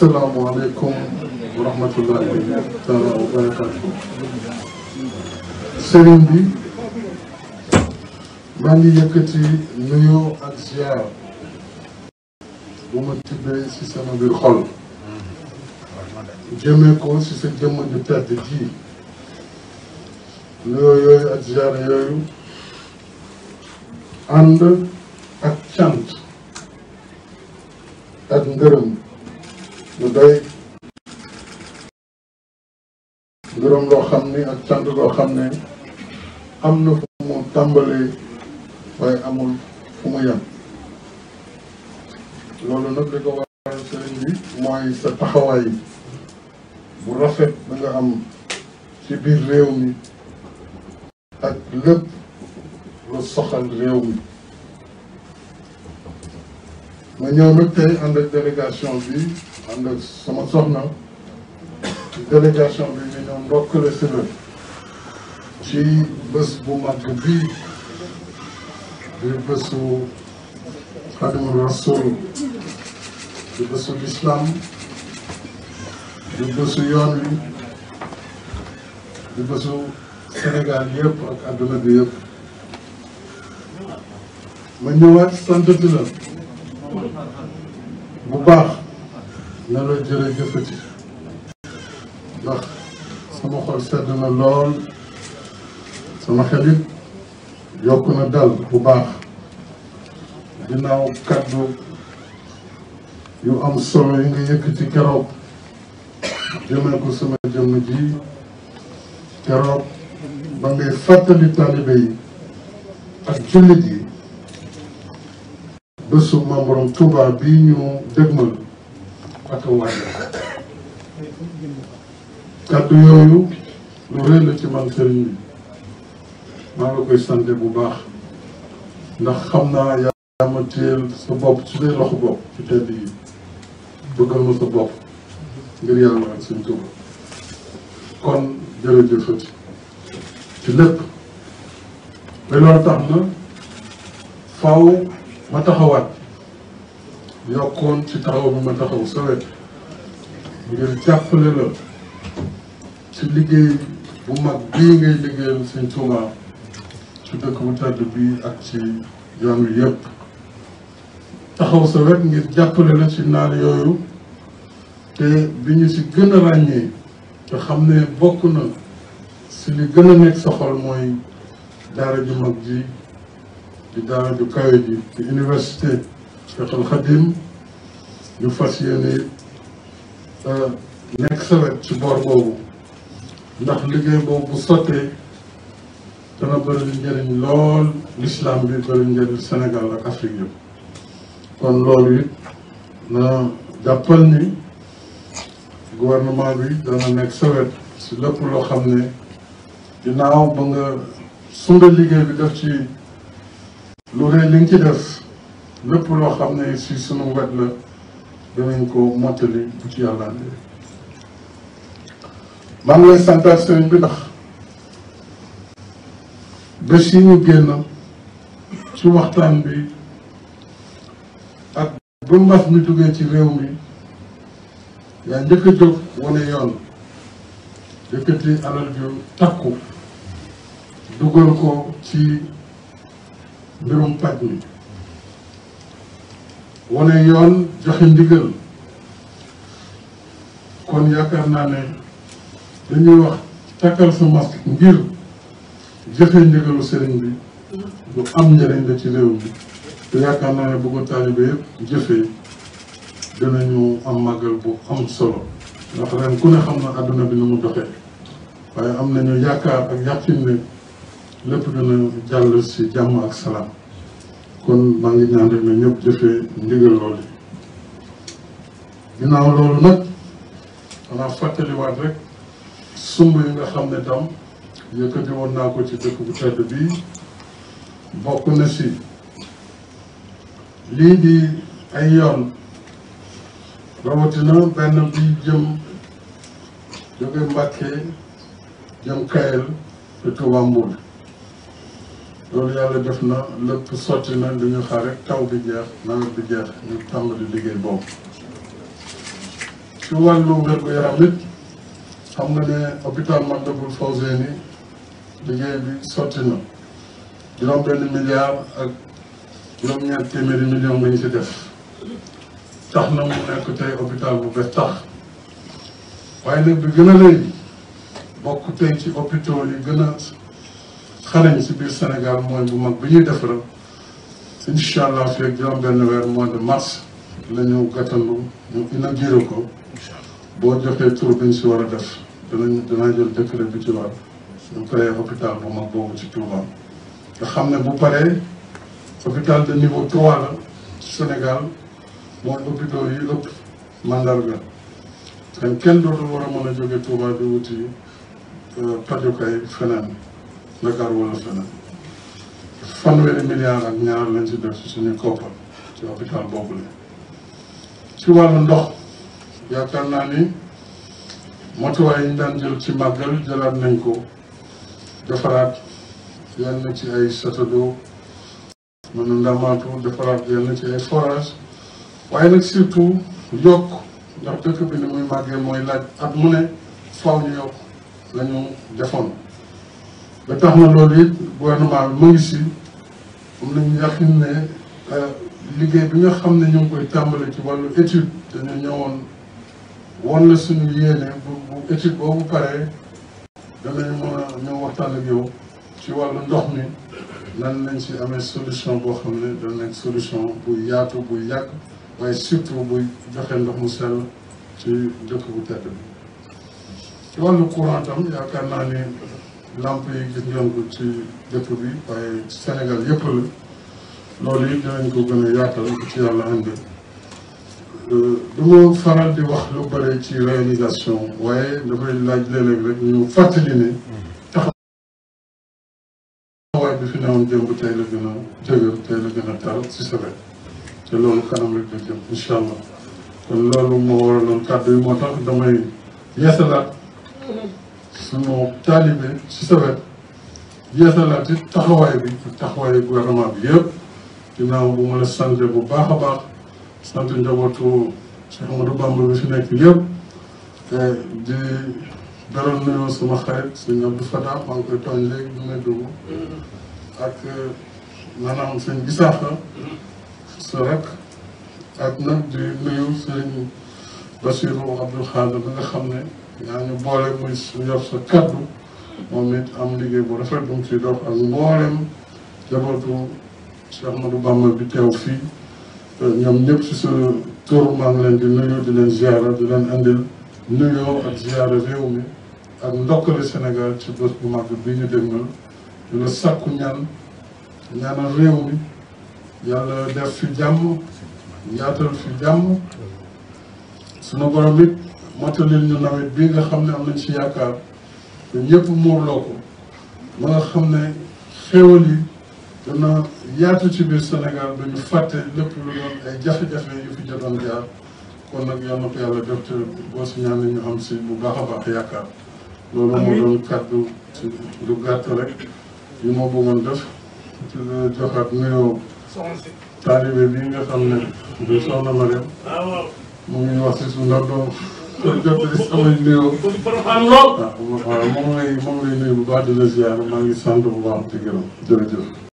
asalaamaaleykum wa rahmatullahi taala wa barakaatu sëriñ bi maa ngi yëkkati nuyoo ak ziar bu ma tibbee ci sama biir xol jëmee ko ci sa jëmm ju tedd ji nuyoo yooyu ak ziar yooyu ànd ak cant ak ngërëm lu doy loo xam ni ak cant loo xam ne am na fu mu tàmbalee waaye amul fu mu yem loolu nag li ko waral sëriñ bi mooy sa taxawaay bu rafet da nga am ci biir réew mi ak lépp lu soxal réew mi ma ñëw nag ànd ak délégation bi ànd ak sama soxna ci délégation bi ñu ñëw ndokkale si ci bés bu mag bii di bésu xadimu rasul di bésu lislaam di bésu yoon di bésu Sénégal yëpp ak àdduna bi yëpp ma ñëwaat sant di bu baax na la jërëjëfati ndax sama xol sedd na lool sama xel it yokk na dal bu baax ginnaaw kàddu yu am solo yi nga yëkkati keroog jëmee ko sama jëmm ji keroog ba ngay fàttali taalibe yi ak jullit yi bésu Maam Borom Tuuba bii ñu dégmal ak wàññi kàddu yooyu lu rëy la ci man sëriñ bi maa ngi koy sant bu baax ndax xam naa yaa ma téyel sa bopp su dee loxo bopp ci tedd yi bëggal ma sa bopp ngir yàlla ak suñ tuba kon jërëjëfati ci lépp ba loolu na faw ma taxawaat yokkoon ci taxaw bi ma taxaw sa ngir jàppale la ci liggéey bu mag bii ngay liggéeyal Sëñ Tuubaa ci dëkk bu tedd bii ak ci yoon wi yëpp taxaw sa ngir jàppale la ci naal yooyu te bi ñu si gën a ràññee te xam ne bokk na si li gën a nekk sa xol mooy daara ju mag ji di daara ju kawe ji di université Cheikh Al Khadim ñu fas yéene euh, nekk sawet ci boor boobu ndax liggéey boobu bu sottee dana bëri njëriñ lool l'islam bi bëri njëriñ Sénégal ak Afrique kon loolu it na jàppal ni gouvernement bi dana nekk sawet si lëpp loo xam ne ginnaaw ba nga sunga liggéey bi def ci lu rëy li ci def lépp loo xam ne si sunu wet la dinañ ko mottali bu ci yàlla andee maa ngi lay santaat sëriñ bi ndax bés yi ñu génn waxtaan bi ak bu mbas mi duggee ci réew mi yaa njëkk a jóg wane yoon yëkkati alal ju takku dugal ko ci mbirum paj mi wane yoon joxe ndigal kon yaakaar naa ne dañuy wax takkal sa masque ngir jëfe ndigalu sëriñ bi lu am njëriñ la ci réew mi te yaakaar naa ne bu ko taalibe yëpp jëfee dinañu am màggal bu am solo ndax ren ku ne xam na àdduna bi nu mu doxee waaye am nañu yaakaar ak yàqin lépp dina jàll si jàmm ak salaam kon maa ngi ñaan rek ñëpp jëfee ndigal loolu ginnaaw loolu nag xanaa fàttaliwaat rek sumb yu nga xam ne tam yëkkati woon naa ko ci dëkk bu tedd bii bokk na si lii di ay yoon rawatina benn bi jëm jóge Mbàkke jëm Kayel te Tuubaa loolu yàlla def na lépp sotti na dañu xaar rek taw bi jeex nawet bi jeex ñu tàmbali liggéey boobu ci wàllu wér-gu-yaram it xam nga ne hôpital Matlaboul Fawzeyni liggéey bi sotti na juróom benn milliard ak juróom-ñaar téeméeri million lañ ci def tax na mu nekk tey hôpital bu bees tax waaye nag bi gën a léegi bokk tey ci hôpitaux yi gën a xale si biir Sénégal mooy bu mag bi ñuy defar incha allah feeg juróom-benn weer mois de mars la ñu gàttandu ñu inauguré ko boo joxee tur bi ñu si war a def danañ danaa jël décret bi ci ñu créé hôpital bu mag boobu ci Touba nga xam ne bu paree hôpital de niveau trois Sénégal mooy hôpitaux yi lépp mandarga dañ kenn dootu war a mën a jóge Touba di wuti euh, pajukaay feneen Dakar wala feneen fanweeri milliards ak ñaar lañ si def si suñu koppar ci hôpital boobu la ci wàllu ndox yaakaar naa ni matuwaay yi ñu daan jël ci màggal jëlaat nañ ko defaraat yenn ci ay château d'eau mënu ndamaatu defaraat yenn ci ay forage waaye nag surtout yokk ndax dëkk bi ni muy màggee mooy laaj at mu ne faw ñu yokk la ñu ba tax na loolu it gouvernement bi mu ngi si am nañu yàqin ne euh, liggéey bi nga xam ne ñu koy tàmbali ci wàllu étude dañu ñëwoon won la suñu yéene bu bu étude boobu paree danañu mën a ñëw waxtaan ak ci wàllu ndox mi nan nañ si amee solution boo xam ne dana nekk solution bu yaatu buy yàgg waaye surtout buy joxe ndox mu sell ci dëkk bu tedd bi ci wàllu courant tam yaakaar naa ni làmp yi gën yëngu ci dëkk bi waaye Sénégal yëpp la loolu yi dinañ ko gën a yaatal bu ci yàlla àndee euh, du ma faral di wax lu bëri ci réalisation waaye dafay laaj léeg-léeg rek ñu fàttali ne taxawaay bi fi newoon jëmb tey la gën a jëgër tey la gën a tar si sawet te loolu kanam rek la jëm incha allah kon loolu moo waraloon kàddu yi moo tax damay yeesalaat suñu taalibe si sa wet yeesalaat taxawaay bi ak taxawaayu gouvernement bi yëpp ginnaaw bu ma la sant bu baax a baax sant njabootu Cheikh Amadou Bamba bi fi nekk yëpp di beral nuyoo sama xarit sëñ Abdou Fada maa ngi koy tooñ léegi du ne dugg ak maanaam sëñ Bisaaxa sa rek ak nag di nuyu sëñ Basiru Abdou Xaadir bi xam ne yaa ñu boole muy yor sa kaddu moom it am liggéey bu rafet bu mu ciy ak mboolem jabatu Cheikh Ahmadou Bamba bi teew fii ñoom ñëpp si sa tur maa ngi leen di nuyu di leen ziara di leen andil nuyoo ak ziara réew mi ak ndokkale Sénégal ci bés bu mag bi ñu dégmal di la sàkku ñaan ñaanal réew mi yàlla def fi jàmm yaatal fi jàmm sunu borom it matalil ñu nawet bii nga xam ne am nañ ci yaakaar ñun ñëpp muurloo ko ba nga xam ne xéwal yi dana yaatu ci biir Sénégal duñu fàtte lépp lu doon ay jafe-jafe yu fi jotoon jaar kon nag yal na ko yàlla def te boo si ñu am si bu baax a baax yaakaar loolu moo doon kàddu lu gàtt rek yu ma bëggoon def ci joxaat nuyoo taalibe bi nga xam ne ah, mu ngi wax si su doom kon jottali sama nuyoo. waaw waaw moom lay moom lay nuyu bu baax di la sant bu baax di